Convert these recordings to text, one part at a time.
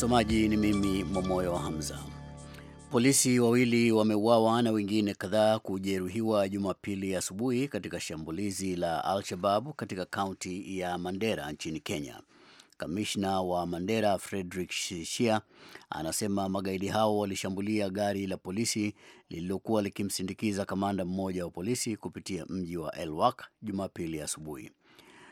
Msomaji ni mimi Momoyo Hamza. Polisi wawili wameuawa na wengine kadhaa kujeruhiwa Jumapili asubuhi katika shambulizi la Al-Shabab katika kaunti ya Mandera nchini Kenya. Kamishna wa Mandera Frederick Shia anasema magaidi hao walishambulia gari la polisi lililokuwa likimsindikiza kamanda mmoja wa polisi kupitia mji wa Elwak Jumapili asubuhi.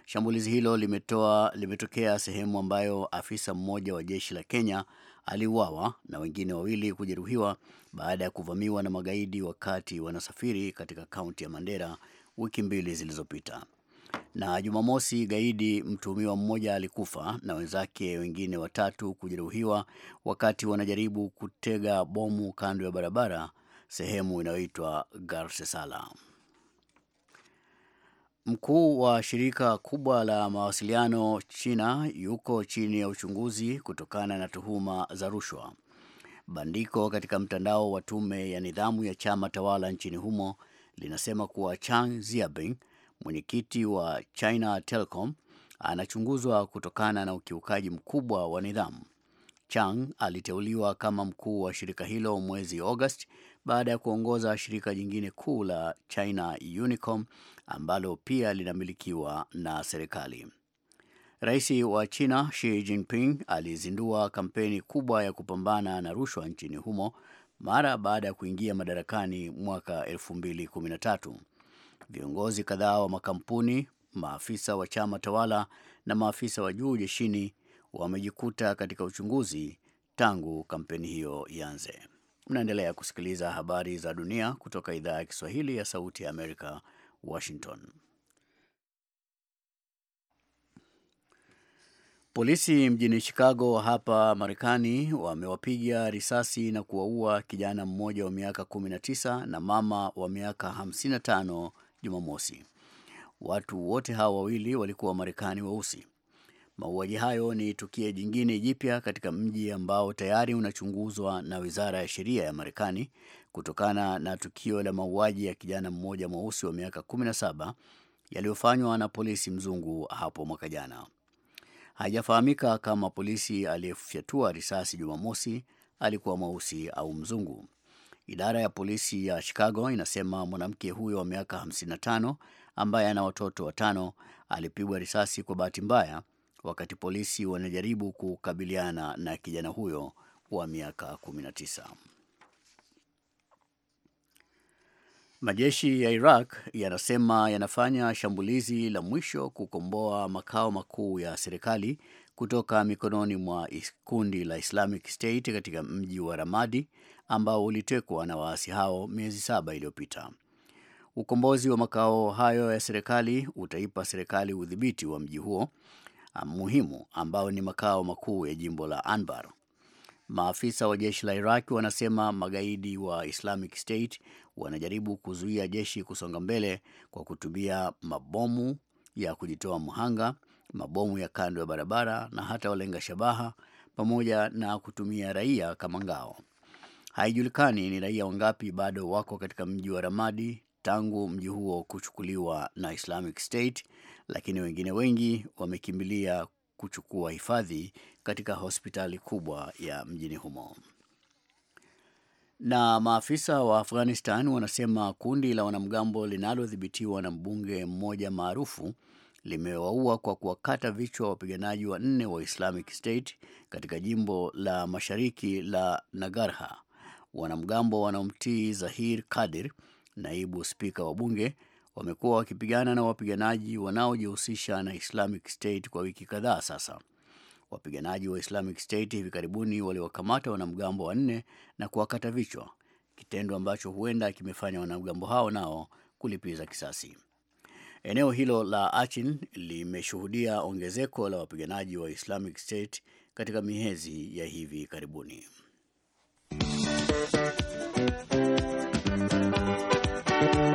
Shambulizi hilo limetoa, limetokea sehemu ambayo afisa mmoja wa jeshi la Kenya aliuawa na wengine wawili kujeruhiwa baada ya kuvamiwa na magaidi wakati wanasafiri katika kaunti ya Mandera wiki mbili zilizopita. Na Jumamosi, gaidi mtuhumiwa mmoja alikufa na wenzake wengine watatu kujeruhiwa wakati wanajaribu kutega bomu kando ya barabara sehemu inayoitwa Garsesala. Mkuu wa shirika kubwa la mawasiliano China yuko chini ya uchunguzi kutokana na tuhuma za rushwa. Bandiko katika mtandao wa tume ya nidhamu ya chama tawala nchini humo linasema kuwa Chang Ziabing, mwenyekiti wa China Telecom, anachunguzwa kutokana na ukiukaji mkubwa wa nidhamu. Chang aliteuliwa kama mkuu wa shirika hilo mwezi Agosti baada ya kuongoza shirika jingine kuu la China Unicom ambalo pia linamilikiwa na serikali. Rais wa China Xi Jinping alizindua kampeni kubwa ya kupambana na rushwa nchini humo mara baada ya kuingia madarakani mwaka 2013. Viongozi kadhaa wa makampuni, maafisa wa chama tawala na maafisa wa juu jeshini wamejikuta katika uchunguzi tangu kampeni hiyo ianze. Mnaendelea kusikiliza habari za dunia kutoka idhaa ya Kiswahili ya Sauti ya Amerika, Washington. Polisi mjini Chicago hapa Marekani wamewapiga risasi na kuwaua kijana mmoja wa miaka 19 na mama wa miaka 55 Jumamosi. Watu wote hawa wawili walikuwa Wamarekani weusi. Mauaji hayo ni tukio jingine jipya katika mji ambao tayari unachunguzwa na wizara ya sheria ya Marekani kutokana na tukio la mauaji ya kijana mmoja mweusi wa miaka 17 yaliyofanywa na polisi mzungu hapo mwaka jana. Haijafahamika kama polisi aliyefyatua risasi Jumamosi alikuwa mweusi au mzungu. Idara ya polisi ya Chicago inasema mwanamke huyo wa miaka 55 ambaye ana watoto watano alipigwa risasi kwa bahati mbaya wakati polisi wanajaribu kukabiliana na kijana huyo wa miaka 19. Majeshi ya Iraq yanasema yanafanya shambulizi la mwisho kukomboa makao makuu ya serikali kutoka mikononi mwa kundi la Islamic State katika mji wa Ramadi ambao ulitekwa na waasi hao miezi saba iliyopita. Ukombozi wa makao hayo ya serikali utaipa serikali udhibiti wa mji huo Uh, muhimu ambao ni makao makuu ya jimbo la Anbar. Maafisa wa jeshi la Iraq wanasema magaidi wa Islamic State wanajaribu kuzuia jeshi kusonga mbele kwa kutumia mabomu ya kujitoa mhanga, mabomu ya kando ya barabara na hata walenga shabaha, pamoja na kutumia raia kama ngao. Haijulikani ni raia wangapi bado wako katika mji wa Ramadi tangu mji huo kuchukuliwa na Islamic State, lakini wengine wengi wamekimbilia kuchukua hifadhi katika hospitali kubwa ya mjini humo. Na maafisa wa Afghanistan wanasema kundi la wanamgambo linalodhibitiwa na mbunge mmoja maarufu limewaua kwa kuwakata vichwa wapiganaji wanne wa Islamic State katika jimbo la mashariki la Nagarha. Wanamgambo wanaomtii Zahir Kadir naibu spika wa bunge wamekuwa wakipigana na wapiganaji wanaojihusisha na Islamic State kwa wiki kadhaa sasa. Wapiganaji wa Islamic State hivi karibuni waliwakamata wanamgambo wanne na kuwakata vichwa, kitendo ambacho huenda kimefanya wanamgambo hao nao kulipiza kisasi. Eneo hilo la Achin limeshuhudia ongezeko la wapiganaji wa Islamic State katika miezi ya hivi karibuni.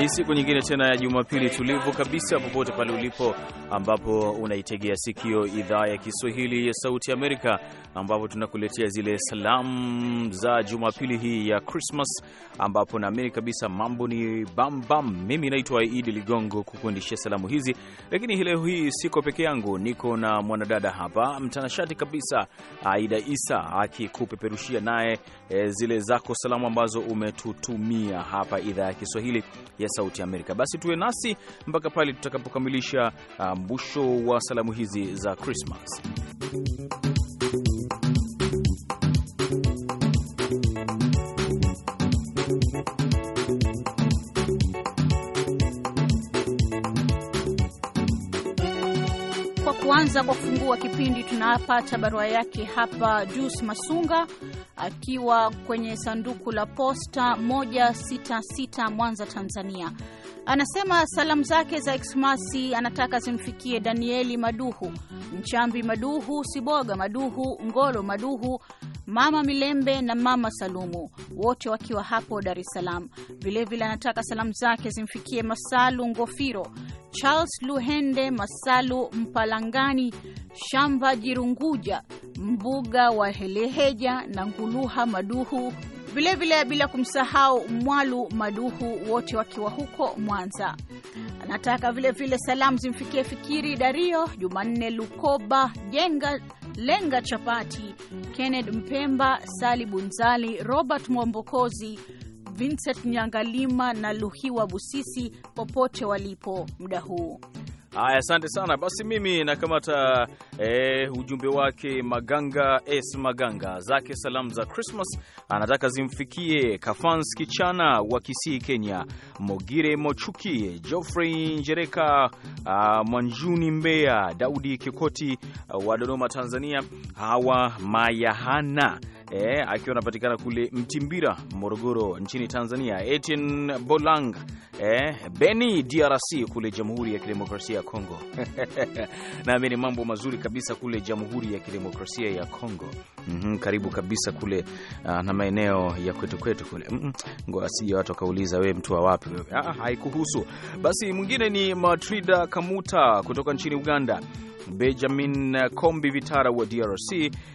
Ni siku nyingine tena ya Jumapili tulivu kabisa, popote pale ulipo, ambapo unaitegea sikio idhaa ya Kiswahili ya Sauti Amerika, ambapo tunakuletea zile salamu za Jumapili hii ya Christmas, ambapo naamini kabisa mambo ni bam bam. Mimi naitwa Idi Ligongo kukuendeshia salamu hizi, lakini leo hii siko peke yangu, niko na mwanadada hapa mtanashati kabisa, Aida Isa akikupeperushia naye eh, zile zako salamu ambazo umetutumia hapa idhaa ya Kiswahili ya Sauti ya Amerika. Basi tuwe nasi mpaka pale tutakapokamilisha uh, mwisho wa salamu hizi za Krismas. Kwa kuanza kwa kufungua kipindi tunapata barua yake hapa Jus Masunga akiwa kwenye sanduku la posta 166 Mwanza, Tanzania. Anasema salamu zake za Eksmasi anataka zimfikie Danieli Maduhu, Mchambi Maduhu, Siboga Maduhu, Ngolo Maduhu, Mama Milembe na Mama Salumu, wote wakiwa hapo Dar es Salaam. Vilevile anataka salamu zake zimfikie Masalu Ngofiro, Charles Luhende Masalu Mpalangani, Shamba Jirunguja, Mbuga wa Heleheja na Nguluha Maduhu, vilevile bila kumsahau Mwalu Maduhu, wote wakiwa huko Mwanza. Anataka vilevile salamu zimfikie Fikiri Dario, Jumanne Lukoba, Jenga Lenga Chapati, Kenneth Mpemba, Sali Bunzali, Robert Mwombokozi Vincent Nyangalima na Luhiwa Busisi popote walipo muda huu. Haya, asante sana. Basi mimi nakamata eh, ujumbe wake Maganga S Maganga zake salamu za Christmas anataka zimfikie Kafans Kichana wa Kisii, Kenya, Mogire mochuki Geoffrey Njereka, uh, Mwanjuni Mbeya, Daudi Kikoti uh, wa Dodoma, Tanzania, hawa Mayahana eh, akiwa anapatikana kule Mtimbira, Morogoro nchini Tanzania. Etienne Bolang eh, Beni DRC kule Jamhuri ya Kidemokrasia ya Kongo. Naamini mambo mazuri kabisa kule Jamhuri ya Kidemokrasia ya Kongo. Mm -hmm, karibu kabisa kule uh, na maeneo ya kwetu kwetu kule. Mm -hmm. ngoja watu wakauliza wewe mtu wa wapi wewe. Ah, ah, haikuhusu. Basi mwingine ni Matrida Kamuta kutoka nchini Uganda. Benjamin Kombi Vitara wa DRC,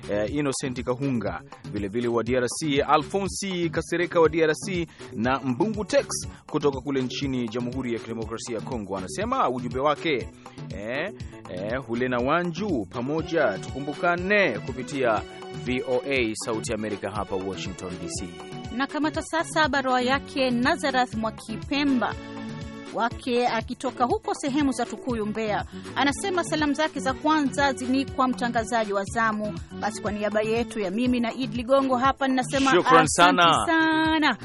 eh, Innocent Kahunga vilevile wa DRC Alfonsi Kasereka wa DRC na Mbungu Tex kutoka kule nchini Jamhuri ya Kidemokrasia ya Kongo. Anasema ujumbe wake eh, eh, Hulena Wanju, pamoja tukumbukane kupitia VOA Sauti Amerika hapa Washington DC. Na kamata sasa barua yake Nazareth Mwakipemba wake akitoka huko sehemu za Tukuyu, Mbeya. Anasema salamu zake za kwanza ni kwa mtangazaji wa zamu. Basi kwa niaba yetu ya mimi na id Ligongo hapa ninasema asante sana, sana.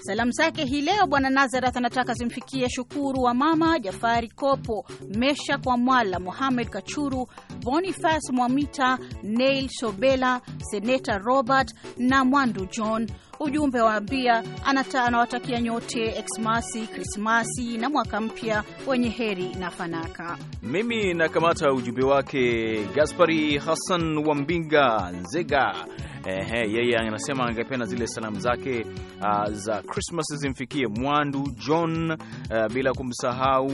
Salamu zake hii leo Bwana Nazareth anataka zimfikie Shukuru wa mama Jafari Kopo, Mesha kwa Mwala, muhamed Kachuru, bonifas Mwamita, Neil sobela Seneta Robert na Mwandu John ujumbe waambia anawatakia nyote Eksmasi, Krismasi na mwaka mpya wenye heri na fanaka. Mimi nakamata ujumbe wake Gaspari Hassan wa Mbinga Nzega Ehe, yeye anasema angependa zile salamu zake uh, za Christmas zimfikie Mwandu John, uh, bila kumsahau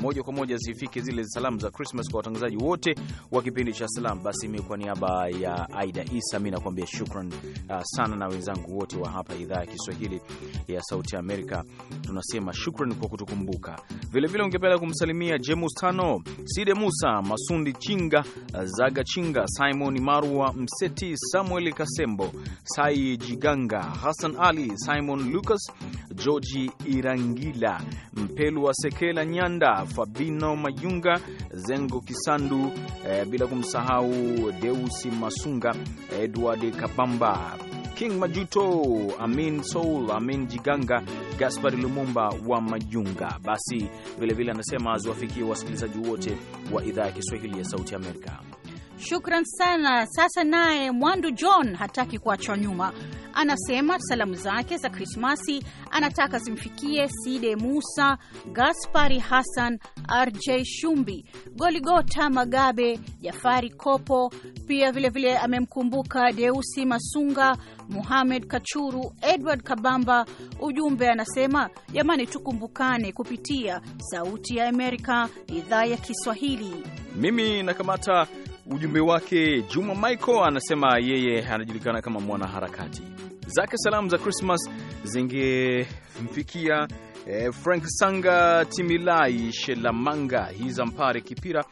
moja kwa moja zifike zile salamu za Christmas kwa watangazaji wote wa kipindi cha Salamu. Basi mimi kwa niaba ya Aida Isa mimi nakwambia shukran uh, sana, na wenzangu wote wa hapa idhaa ya Kiswahili ya Sauti ya Amerika tunasema shukran kwa kutukumbuka. Vilevile ungependa kumsalimia James Tano, Side Musa, Masundi Chinga, Zaga Chinga, Simon Marwa Mseti, Samuel Kasembo, Sai Jiganga, Hassan Ali, Simon Lucas, Georgi Irangila, Mpelwa Sekela Nyanda, Fabino Mayunga, Zengo Kisandu, eh, bila kumsahau Deusi Masunga, Edward Kabamba, King Majuto, Amin Soul, Amin Jiganga, Gaspar Lumumba wa Majunga. Basi vilevile anasema ziwafikie wasikilizaji wote wa idhaa ya Kiswahili ya Sauti Amerika. Shukran sana. Sasa naye Mwandu John hataki kuachwa nyuma, anasema salamu zake za Krismasi anataka zimfikie Side Musa, Gaspari Hassan, RJ Shumbi, Goligota Magabe, Jafari Kopo. Pia vilevile vile amemkumbuka Deusi Masunga, Muhamed Kachuru, Edward Kabamba. Ujumbe anasema jamani, tukumbukane kupitia Sauti ya Amerika, idhaa ya Kiswahili. Mimi nakamata ujumbe wake. Juma Michael anasema yeye anajulikana kama mwanaharakati, zake salamu za Christmas zingemfikia eh, Frank Sanga, Timilai Shelamanga, Hizampare Kipira,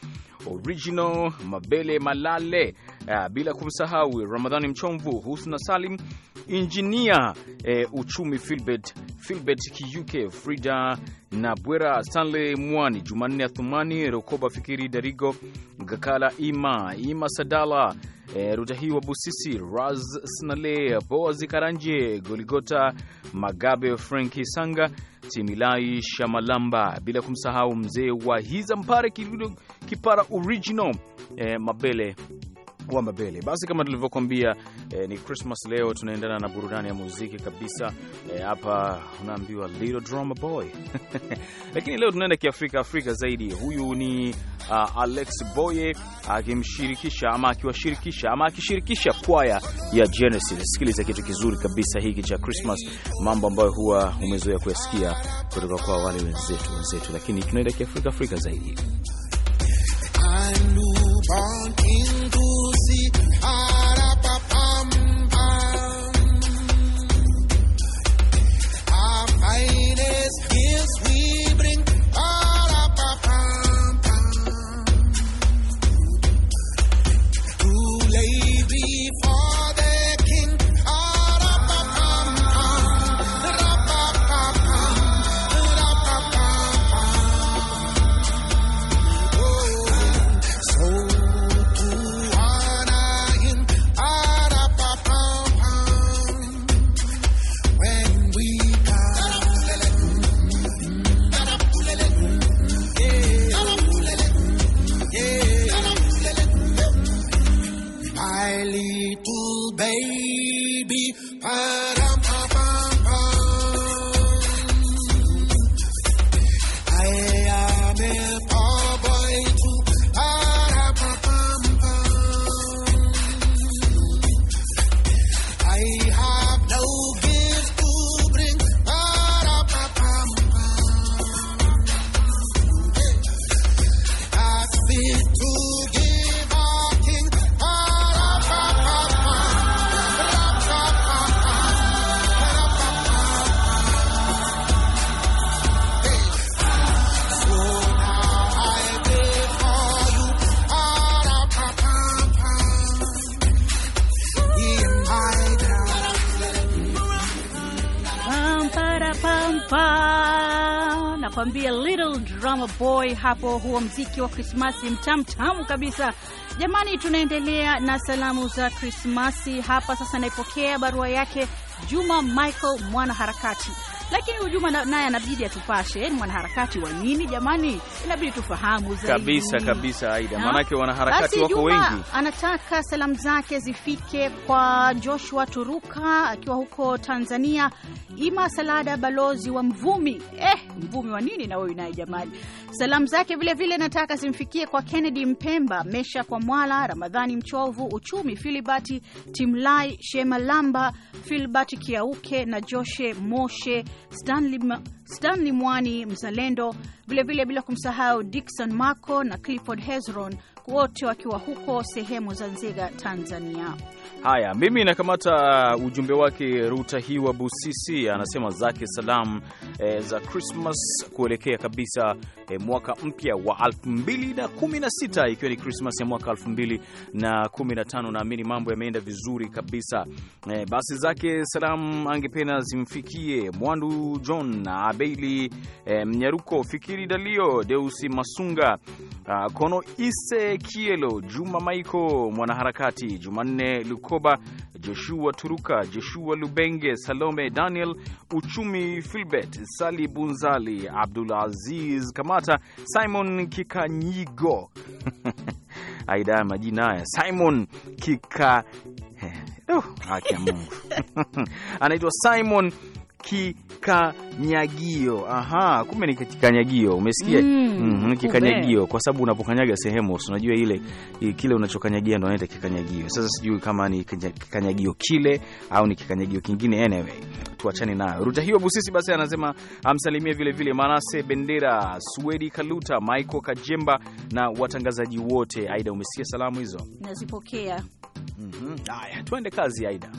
Original Mabele Malale Eh, bila kumsahau Ramadhani Mchomvu, Husna Salim, Injinia uh, eh, Uchumi Filbert, Filbert Kiyuke, Frida na Bwera, Stanley Mwani, Jumanne Athumani, Rokoba Fikiri, Darigo Gakala, Ima Ima Sadala, e, eh, Rutahiwa Busisi, Raz Snale, Boazi Karanje, Goligota Magabe, Franki Sanga, Timilai Shamalamba, bila kumsahau mzee wa Hiza Mpare Kipara Original, e, Mabele wa mabele. Basi kama tulivyokuambia, eh, ni Christmas leo, tunaendana na burudani ya muziki kabisa eh, hapa. Eh, unaambiwa little drama boy lakini leo tunaenda kiafrika, Afrika zaidi. Huyu ni uh, Alex Boye akimshirikisha ama akiwashirikisha ama akishirikisha kwaya ya Genesis. Sikiliza kitu kizuri kabisa hiki cha Christmas, mambo ambayo huwa umezoea kuyasikia kutoka kwa wale wenzetu wenzetu, lakini tunaenda kiafrika, Afrika zaidi. I'm see baby. anakuambia Little Drama Boy hapo, huo mziki wa Krismasi mtamtamu kabisa. Jamani, tunaendelea na salamu za Krismasi hapa sasa. Naipokea barua yake Juma Michael mwanaharakati lakini hujuma naye anabidi atupashe, ni mwanaharakati wa nini jamani, inabidi tufahamu zaidi kabisa kabisa, Aida, maanake wanaharakati wako wengi. Anataka salamu zake zifike kwa Joshua Turuka akiwa huko Tanzania, Ima Salada balozi wa Mvumi, eh, Mvumi wa nini na wewe naye jamani. Salamu zake vile vile nataka zimfikie kwa Kennedy Mpemba, Mesha kwa Mwala, Ramadhani Mchovu, Uchumi Filibati Timlai, Shemalamba Filibati Kiauke na Joshe Moshe Stanley, Stanley Mwani mzalendo, vilevile bila kumsahau Dickson Marco na Clifford Hezron, wote wakiwa huko sehemu za Nzega, Tanzania. Haya, mimi nakamata uh, ujumbe wake. Ruta hiwa Busisi anasema zake salam e, za Christmas kuelekea kabisa e, mwaka mpya wa 2016 ikiwa ni Christmas ya mwaka 2015. Naamini mambo yameenda vizuri kabisa e, basi zake salam angependa zimfikie Mwandu John na Abeili e, Mnyaruko, Fikiri Dalio, Deusi Masunga, a, ah, Kono Ise Kielo, Juma Maiko, mwanaharakati Jumanne Luko Lukoba, Joshua Turuka, Joshua Lubenge, Salome Daniel, Uchumi Filbert, Sali Bunzali, Abdul Aziz Kamata, Simon Kikanyigo aida ya majina haya Simon Kika haki ya Mungu anaitwa Simon kikanyagio. Aha, kumbe ni kikanyagio, umesikia? mm, mm, kikanyagio kwa sababu unapokanyaga sehemu unajua ile kile unachokanyagia ndo inaita kikanyagio. Sasa sijui kama ni kikanyagio kile au ni kikanyagio kingine, anyway tuachane nayo. Ruta hiyo Busisi basi anasema amsalimie vile vile Manase Bendera, Swedi Kaluta, Michael Kajemba na watangazaji wote. Aida, umesikia salamu hizo? Nazipokea. mm -hmm. Aya, tuende kazi Aida.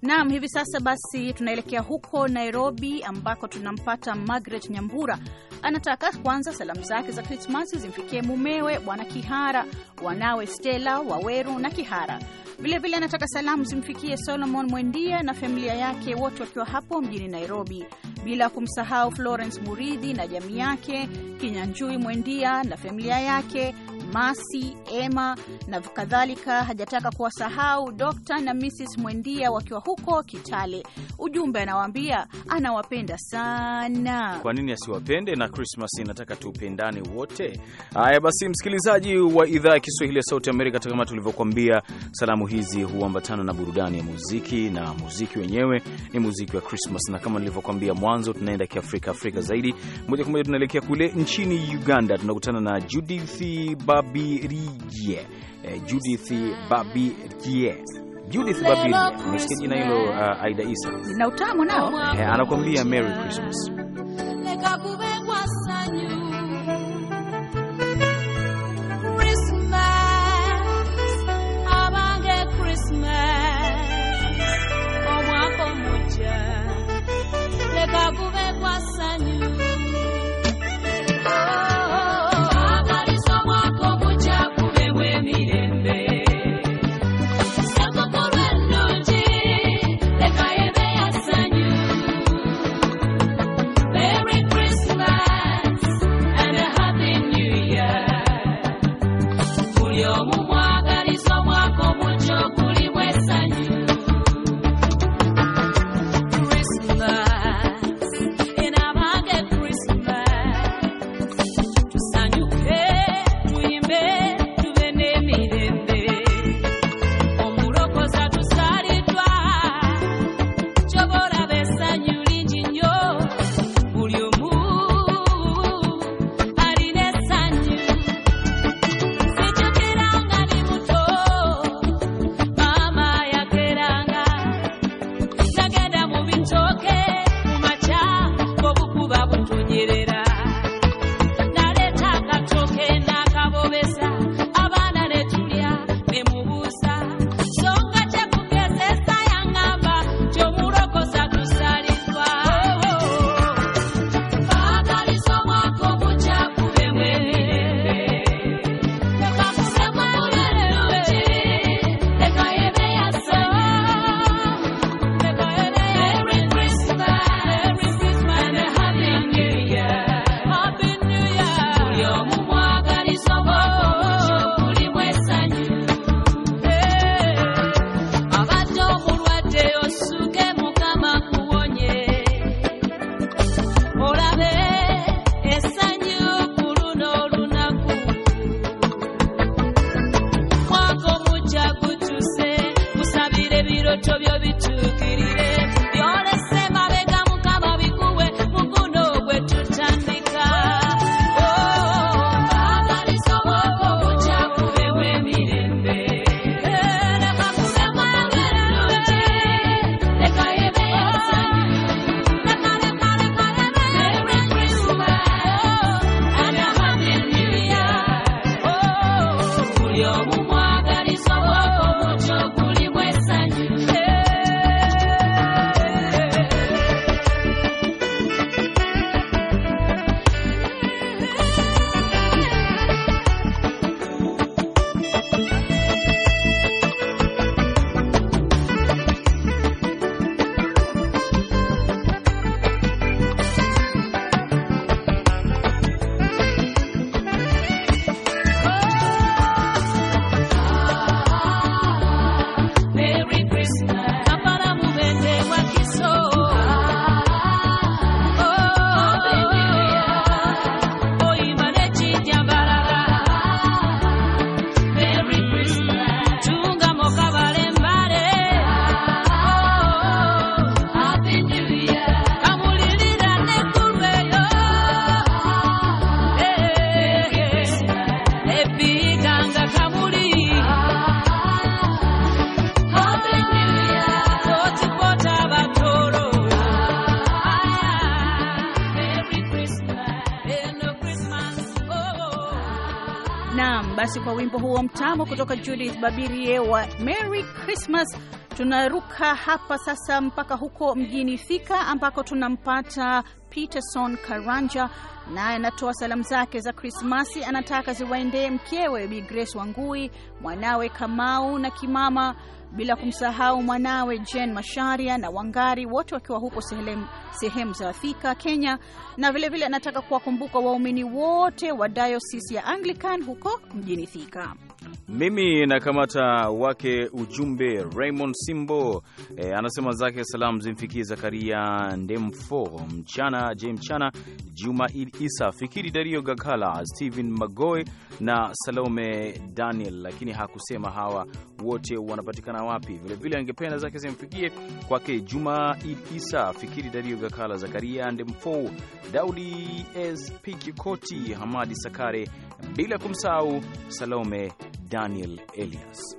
Naam, hivi sasa basi tunaelekea huko Nairobi ambako tunampata Margaret Nyambura. Anataka kwanza salamu zake za Krismasi zimfikie mumewe Bwana Kihara, wanawe Stella, Waweru na Kihara. Vilevile vile anataka salamu zimfikie Solomon Mwendia na familia yake wote wakiwa hapo mjini Nairobi, bila kumsahau Florence Muridhi na jamii yake, Kinyanjui Mwendia na familia yake Masi, Emma na kadhalika. Hajataka kuwasahau Dr. na Mrs. Mwendia wakiwa huko Kitale. Ujumbe anawaambia anawapenda sana. Kwa nini asiwapende? Na Christmas inataka tupendane wote. Haya basi, msikilizaji wa idhaa ya Kiswahili ya Sauti Amerika, kama tulivyokuambia, salamu hizi huambatana na burudani ya muziki, na muziki wenyewe ni muziki wa Christmas, na kama nilivyokuambia mwanzo, tunaenda kiafrika, Afrika zaidi. Moja kwa moja tunaelekea kule nchini Uganda, tunakutana na Judith ba Babirije, eh, Judith Babirije Judith Babirije, umesikia jina hilo? Uh, Aida Isa na utamu nao eh, anakuambia Merry Christmas. Gracias. salamu kutoka Judith Babirie wa Merry Christmas. Tunaruka hapa sasa mpaka huko mjini Thika ambako tunampata Peterson Karanja, naye anatoa salamu zake za Krismasi. Anataka ziwaendee mkewe Bi Grace Wangui, mwanawe Kamau na Kimama, bila kumsahau mwanawe Jen Masharia na Wangari, wote wakiwa huko sehemu za Thika, Kenya. Na vilevile anataka kuwakumbuka waumini wote wa dayosisi ya Anglican huko mjini Thika. Mimi nakamata wake ujumbe. Raymond Simbo e, anasema zake salamu zimfikie Zakaria Ndemfo, mchana j mchana, Juma Isa, Fikiri Dario, Gakala Stephen magoy na Salome Daniel, lakini hakusema hawa wote wanapatikana wapi. Vilevile angependa zake zimfikie kwake Juma Isa, Fikiri Dario, Gakala, Zakaria Ndemfo, Daudi S Pikikoti, Hamadi Sakare, bila kumsahau Salome Daniel Elias.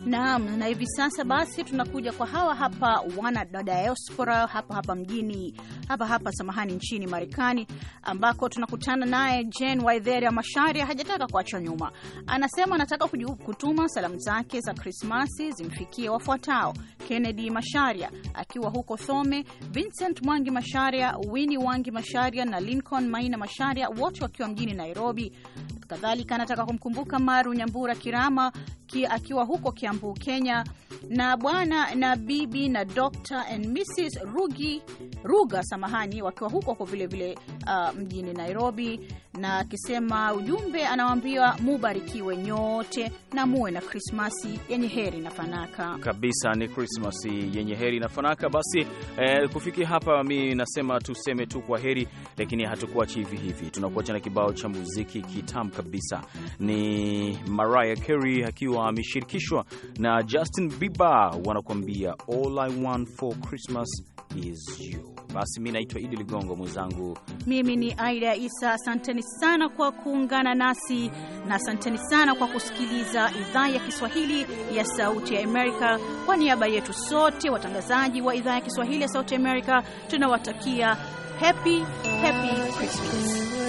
Naam, na hivi sasa basi tunakuja kwa hawa hapa wana diaspora hapa hapa mjini hapa hapa samahani, nchini Marekani ambako tunakutana naye Jen Waidheria Masharia. Hajataka kuachwa nyuma, anasema anataka kutuma salamu zake za Krismasi zimfikie wafuatao: Kennedy Masharia akiwa huko Thome, Vincent Mwangi Masharia, Winnie Wangi Masharia na Lincoln Maina Masharia, wote wakiwa mjini Nairobi. Kadhalika anataka kumkumbuka Maru Nyambura Kirama ki, akiwa huko Kiambu, Kenya, na bwana na bibi na Dr. and Mrs. Rugi Ruga, samahani, wakiwa huko huko vilevile uh, mjini Nairobi, na akisema ujumbe anawaambia mubarikiwe nyote na muwe na Krismasi yenye heri na fanaka. Kabisa, ni Krismasi yenye heri na fanaka. Basi eh, kufikia hapa mi nasema tuseme tu kwa heri, lakini hatukuachi hivi hivi, tunakuacha na kibao cha muziki kitamu kabisa, ni Mariah Carey akiwa ameshirikishwa na Justin Bieber, wanakuambia all I want for Christmas is you. Basi mi naitwa Idi Ligongo, mwenzangu mimi ni Aida Isa. Asanteni sana kwa kuungana nasi na asanteni sana kwa kusikiliza idhaa ya Kiswahili ya Sauti ya Amerika. Kwa niaba yetu sote watangazaji wa idhaa ya Kiswahili ya Sauti ya Amerika tunawatakia happy happy Christmas.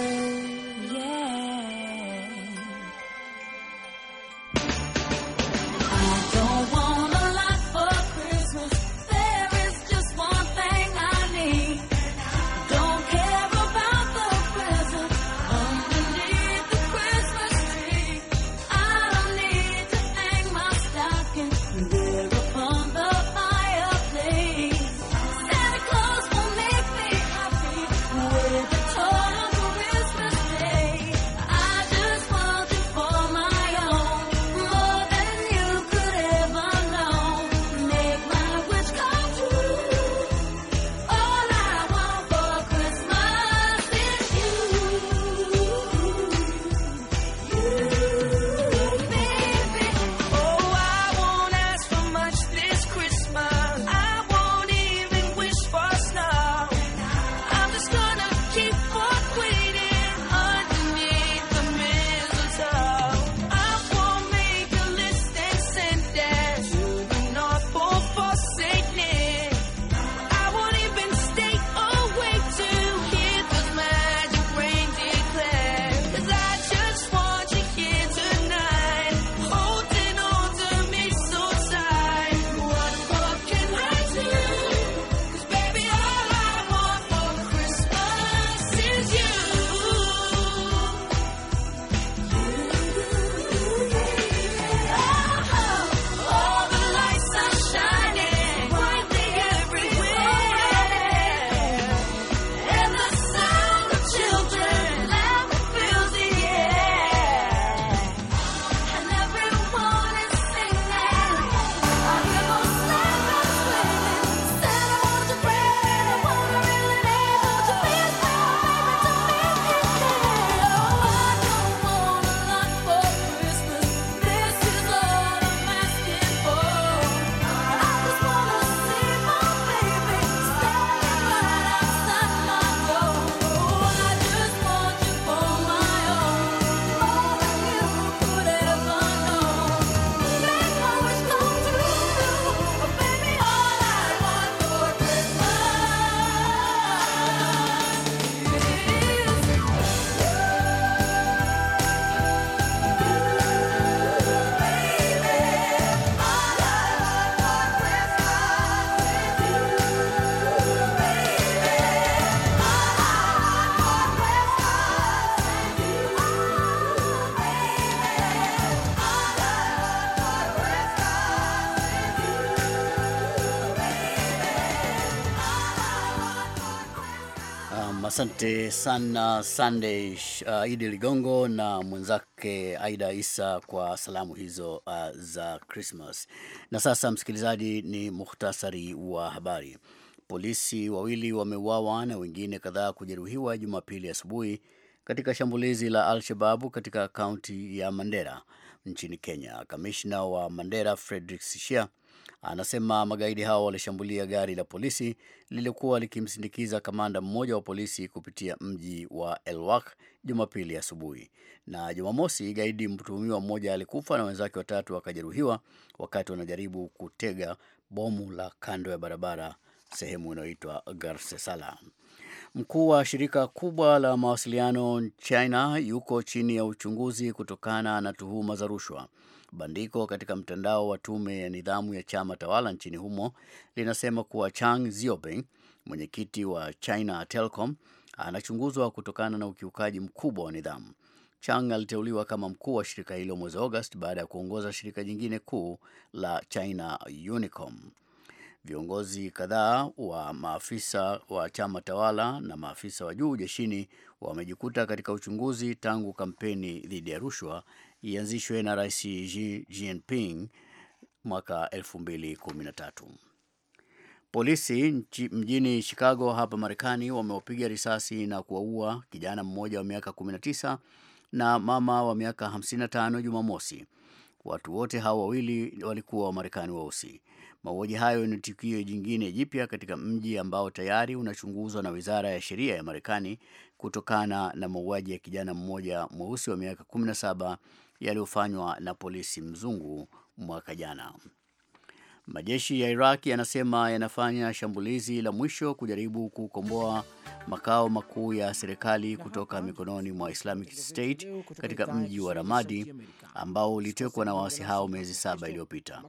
Asante sana Sunday uh, Idi Ligongo na mwenzake Aida Isa kwa salamu hizo uh, za Christmas. Na sasa msikilizaji, ni muhtasari wa habari. Polisi wawili wameuawa na wengine kadhaa kujeruhiwa Jumapili asubuhi katika shambulizi la Al-Shababu katika kaunti ya Mandera nchini Kenya. Kamishna wa Mandera Frederick Sishia Anasema magaidi hao walishambulia gari la polisi lililokuwa likimsindikiza kamanda mmoja wa polisi kupitia mji wa Elwak Jumapili asubuhi. Na Jumamosi, gaidi mtuhumiwa mmoja alikufa na wenzake watatu wakajeruhiwa wakati wanajaribu kutega bomu la kando ya barabara sehemu inayoitwa Garsesala. Mkuu wa shirika kubwa la mawasiliano China yuko chini ya uchunguzi kutokana na tuhuma za rushwa. Bandiko katika mtandao wa tume ya nidhamu ya chama tawala nchini humo linasema kuwa Chang Ziobeng, mwenyekiti wa China Telecom, anachunguzwa kutokana na ukiukaji mkubwa wa nidhamu. Chang aliteuliwa kama mkuu wa shirika hilo mwezi Agosti baada ya kuongoza shirika jingine kuu la China Unicom. Viongozi kadhaa wa maafisa wa chama tawala na maafisa wa juu jeshini wamejikuta katika uchunguzi tangu kampeni dhidi ya rushwa ianzishwe na Rais Xi Jinping mwaka 2013. Polisi mjini Chicago hapa Marekani wamewapiga risasi na kuwaua kijana mmoja wa miaka 19 na mama wa miaka 55 Jumamosi. Watu wote hao wawili walikuwa Wamarekani weusi. Mauaji hayo ni tukio jingine jipya katika mji ambao tayari unachunguzwa na Wizara ya Sheria ya Marekani kutokana na mauaji ya kijana mmoja mweusi wa miaka 17 yaliyofanywa na polisi mzungu mwaka jana. Majeshi ya Iraq yanasema yanafanya shambulizi la mwisho kujaribu kukomboa makao makuu ya serikali kutoka mikononi mwa Islamic State katika mji wa Ramadi ambao ulitekwa na waasi hao miezi saba iliyopita.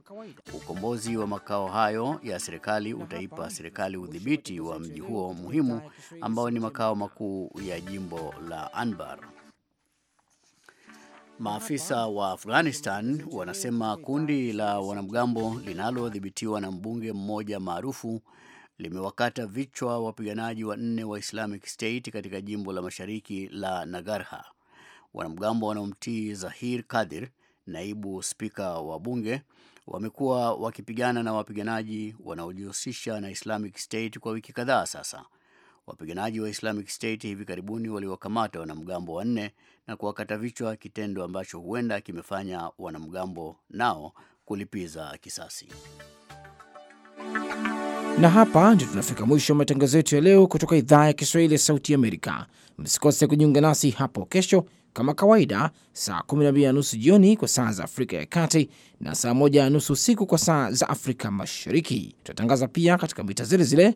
Ukombozi wa makao hayo ya serikali utaipa serikali udhibiti wa mji huo muhimu ambao ni makao makuu ya jimbo la Anbar. Maafisa wa Afghanistan wanasema kundi la wanamgambo linalodhibitiwa na mbunge mmoja maarufu limewakata vichwa wapiganaji wanne wa Islamic State katika jimbo la mashariki la Nagarha. Wanamgambo wanaomtii Zahir Kadir, naibu spika wa bunge, wamekuwa wakipigana na wapiganaji wanaojihusisha na Islamic State kwa wiki kadhaa sasa. Wapiganaji wa Islamic State hivi karibuni waliwakamata wanamgambo wanne na kuwakata vichwa, kitendo ambacho huenda kimefanya wanamgambo nao kulipiza kisasi. Na hapa ndio tunafika mwisho wa matangazo yetu ya leo kutoka idhaa ya Kiswahili ya Sauti Amerika. Msikose kujiunga nasi hapo kesho kama kawaida, saa 12 na nusu jioni kwa saa za Afrika ya Kati na saa 1 na nusu usiku kwa saa za Afrika Mashariki. tunatangaza pia katika mita zile zile